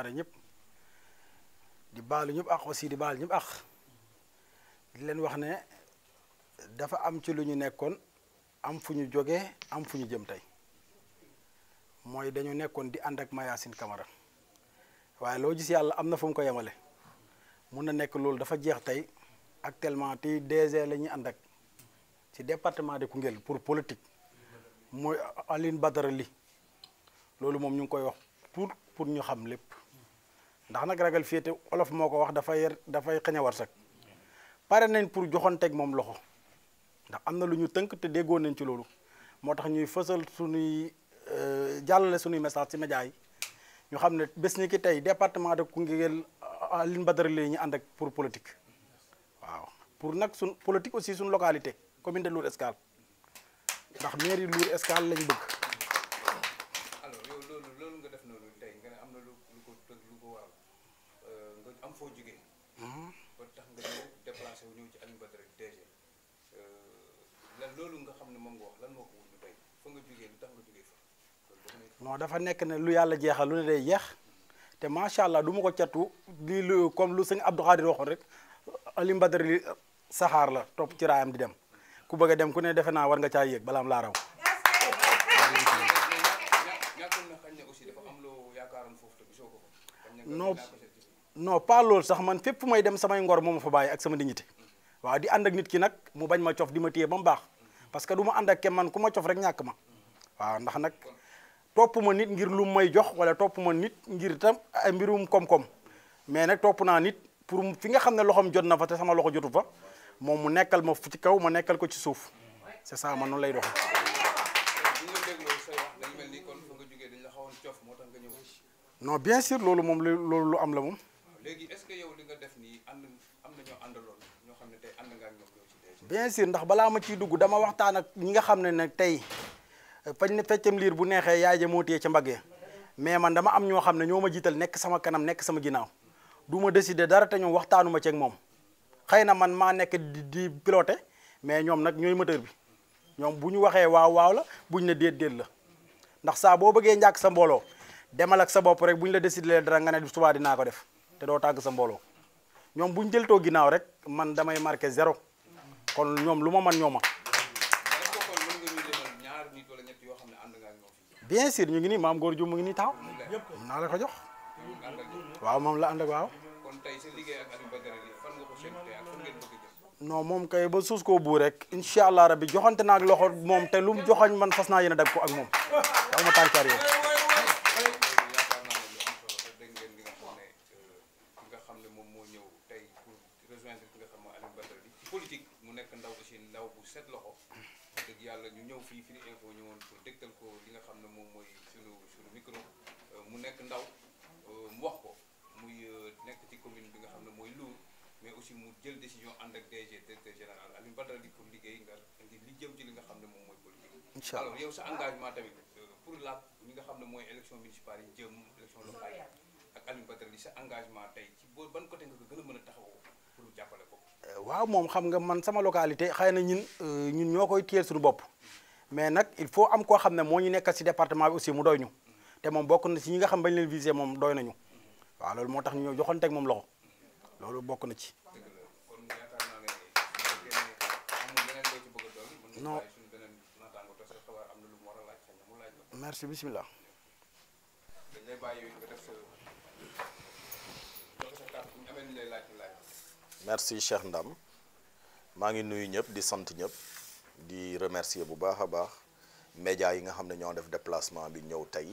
siyaare ñëpp di baalu ñëpp ak aussi di baal ñëpp ak di leen wax ne dafa am ci lu ñu nekkoon am fu ñu jógee am fu ñu jëm tey mooy dañu nekkoon di ànd ak Mayacine kamara waaye loo gis yàlla am na fu mu ko yemale mun na nekk loolu dafa jeex tey actuellement tey DG la ñuy ànd ak ci département de Koungheul pour politique mooy Aline Badara Ly loolu moom ñu ngi koy wax pour pour ñu xam lépp ndax nag ragal féete olof moo ko wax dafay yer dafay xañ a warsak pare nañ pour joxonteeg moom loxo ndax am na lu ñu tënk te déggoo nañ ci loolu moo tax ñuy fësal suñuy euh, jàllale suñuy message ci média yi ñu xam ne bés ni ki tey département de Koungheul Alioune euh, Badara Leye ñu ànd ak pour politique waaw pour nag suñ politique aussi suñ localité commune de Lour Escale ndax mairie Lour Escale lañ bëgg am foo jugee. Hmm? ba tax nga ñëw euh, loolu nga xam ne moom lan moo ko wut ñu dafa nekk ne lu yàlla jeexal lu ne day jeex te macha allah du ma ko catu lii lu comme lu sëñ Abdou Khadir waxoon rek Alioune saxaar la topp ci raayam di dem ku bëgg a dem ku ne defe naa war nga caa yéeg balaam laa raw. non non pas loolu sax man fepp moy dem samay ngor moo ma fa bàyyi ak sama dignité waaw di and ak nit ki nak mu bañ ma ciof di ma téye ba mu parce que duma and ak man kuma ciof rek ñak ma waaw ndax nak topp ma nit ngir lu may jox wala topp ma nit ngir tam mbirum kom kom mais nak topp naa nit pour fi nga xam loxom jot na fa te sama loxo jotu fa moom mu nekkal ma ci kaw ma nekkal ko ci souf c'est ça man non lay dox. non bien sûr loolu moom loolu lu am la moom. léegi est-ce que yow li nga def nii am na ñoo ñoo xam ne bien sûr ndax balaa ma ciy dugg dama waxtaan ak ñi nga xam ne nag tey fañ ne feccam liir bu neexee yaay ja moo téye ca mbaggee mais man dama am ñoo xam ne ñoo ma jiital nekk sama kanam nekk sama ginnaaw du ma décider dara te ñoom waxtaanu ma ci moom xëy na man maa nekk di di mais ñoom nag ñooy moteur bi ñoom bu ñu waxee waaw waaw la bu ñu ne déet déet la ndax saa boo bëggee njàkk sa mbooloo demal ak sa bopp rek bu ñu la décider dara nga ne subaa dinaa ko def. te doo tàgg sa mbooloo ñoom bu ñu jëltoo ginnaaw rek man damay marqué zéro kon ñoom lu ma man ñoo ma bien sûr ñu ngi nii maam góor mu ngi nii taxaw mën naa la ko jox waaw moom la ànd waaw non moom kay ba suus koo buu rek incha allah rabbi joxante naag loxo moom te lu mu joxoñ man fas naa yéen a ko ak moom dama tànkaar yow rejoindre ki nga xam mooy mu nekk ndaw aussi ndaw bu set loxo yàlla ñu ñëw fii Firi Info ñëwoon pour dégtal ko li nga xam ne moom mooy sunu sunu micro euh, mu nekk ndaw euh, mu wax ko muy euh, nekk ci commune bi nga xam ne mooy Lour mais aussi mu jël décision ànd ak DG directeur général Alioune Badara di pour liggéey nga indi jëm ci li nga xam ne moom mooy politique incha allah yow sa engagement tamit pour la ñi nga xam ne mooy élection municipale yi jëm élection locale yi ak Alioune Badara li sa engagement tey ci boo ban côté nga ko gën a mën a taxawoo pour jàppale ko. Euh, waaw moom xam nga man sama localité xay na ñun euh, ñun ñoo koy téyeel suñu bopp mais nag il faut am koo xam ne moo ñu nekka si département bi aussi mu doy ñu te moom na si ñi nga xam bañ leen visé moom doy nañu waaw loolu moo tax ñu ñëw joxanteeg moom loxo loolu bokk na ci. non merci bisimilah. dañ lay bàyyi nga def sa sa kàddu bu ñu amee ñu lay laaj merci Cheikh Ndam maa ngi nuyu ñëpp di sant ñëpp di remercier bu baax a baax média yi nga xam ne ñoo def déplacement bi ñëw tey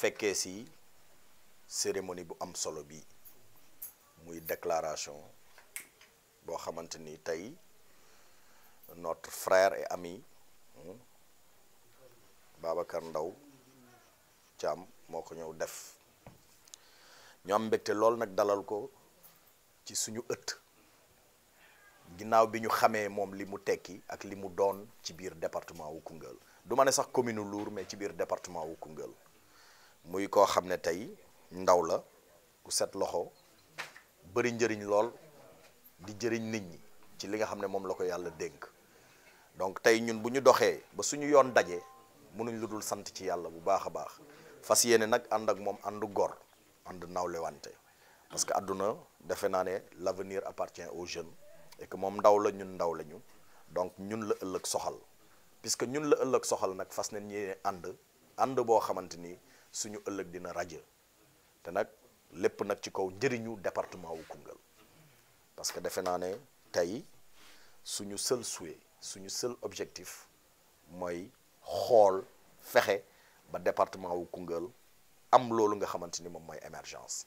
fekkee si cérémonie bu am solo bi muy déclaration boo xamante ni tey notre frère et ami hmm, Babacar Ndaw Thiam moo ko ñëw def ñu am mbégte lool nag dalal ko ci suñu ëtt ginnaaw bi ñu xamee moom li mu tekki ak li mu doon ci biir département wu Koungheul du ma ne sax commune u Lour mais ci biir département wu Koungheul muy koo xam ne tey ndaw la ku set loxo bëri njëriñ lool di jëriñ nit ñi ci li nga xam ne moom la ko yàlla dénk donc tey ñun bu ñu doxee ba suñu yoon daje mënuñ lu dul sant ci yàlla bu baax a baax fas yéene nag ànd ak moom àndu gor ànd nawlewante parce que àdduna defe naa ne l' avenir appartient au jeunes et moom ndaw la ñun ndaw la donc ñun la ëllëg soxal puisque ñun la ëllëg soxal nag fas na ñee ànd ànd boo xamante ni suñu ëllëg dina rajo te nag lépp nag ci kaw njëriñu département wu Koungheul parce que defe naa ne tey suñu seul su suñu seul objectif mooy xool fexe ba département wu Koungheul am loolu nga xamante ni moom mooy émergence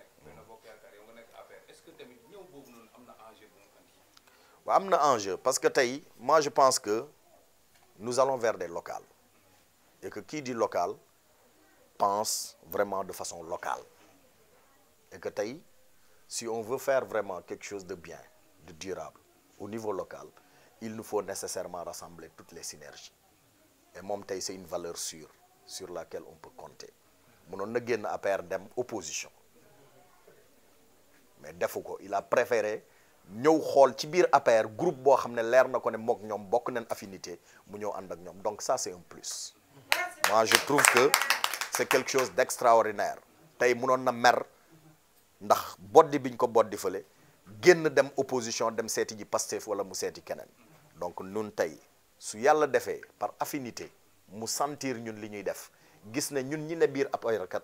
enjeu parce que moi je pense que nous allons vers des locales et que qui dit local pense vraiment de façon locale et que Taï, si on veut faire vraiment quelque chose de bien de durable au niveau local il nous faut nécessairement rassembler toutes les synergies et pense que c'est une valeur sûre sur laquelle on peut compter Nous na une opposition mais defu ko il a préféré ñëw xool ci biir APR groupe boo xam ne leer na ko ne mook ñoom bokk nañ affinité mu ñëw ànd ak ñoom donc ça c'est un plus moi je trouve que c'est quelque chose d'extraordinaire tey mënoon na mer ndax boddi biñ ko boddi fële génn dem opposition dem seeti ji Pastef wala mu seeti keneen donc nun tey su yàlla defee par affinité mu sentir ñun li ñuy def gis ne ñun ñi ne biir ab ayrakat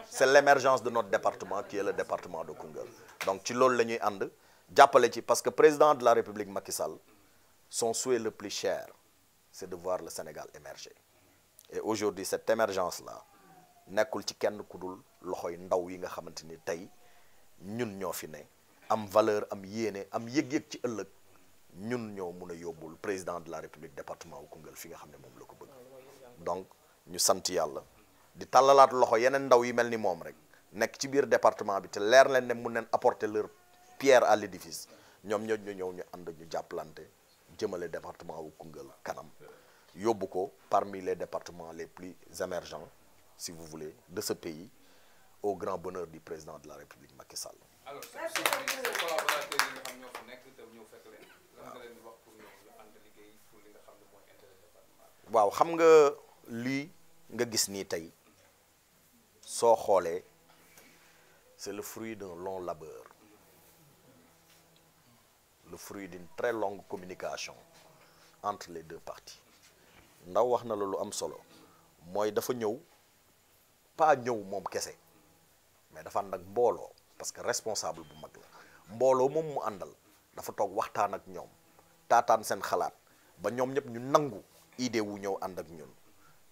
c'est l'émergence de notre département qui est le département de Kungel. donc ci lolou lañuy parce que président de la République Macky Sall son souhait le plus cher c'est de voir le Sénégal émerger et aujourd'hui cette émergence là n'est ci kenn kudul loxoy ndaw yi nga ñun am valeur am yéné am yeg yeg ci président de la république département de Congo, fi nga xamné nous donc nous sant di tàllalaat loxo yeneen ndaw yi mel ni moom rek nekk ci biir département bi te leer leen ne mun nañ apporter leur pierre à l'édifice ñoom ñoo ñu ñëw ñu ànd ñu jàppalante jëmale département wu Koungheul kanam yóbbu ko parmi les départements les plus émergents si vous voulez de ce pays au grand bonheur du président de la République Macky Sall. alors waaw xam nga lii nga gis nii tey so, c'est le fruit d'un long labeur le fruit d'une très longue communication entre les deux parties ndaw wax na la lu am solo mooy dafa ñëw pas ñëw moom kese mais dafa ànd ak parce que responsable bu mag la mbolo mom mu andal dafa tok waxtan ak ñom tatane sen xalaat ba ñom ñep ñu nangu idée wu ñew and ak ñun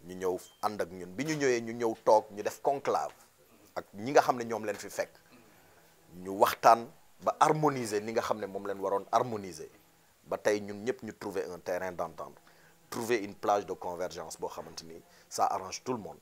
nous ñëw ànd ak ñun bi nous ñëwee ñu ñëw toog ñu def conclave ak ñi nga harmoniser ni nga harmoniser ba ñun ñu trouver un terrain d'entente trouver une plage de convergence ça arrange tout le monde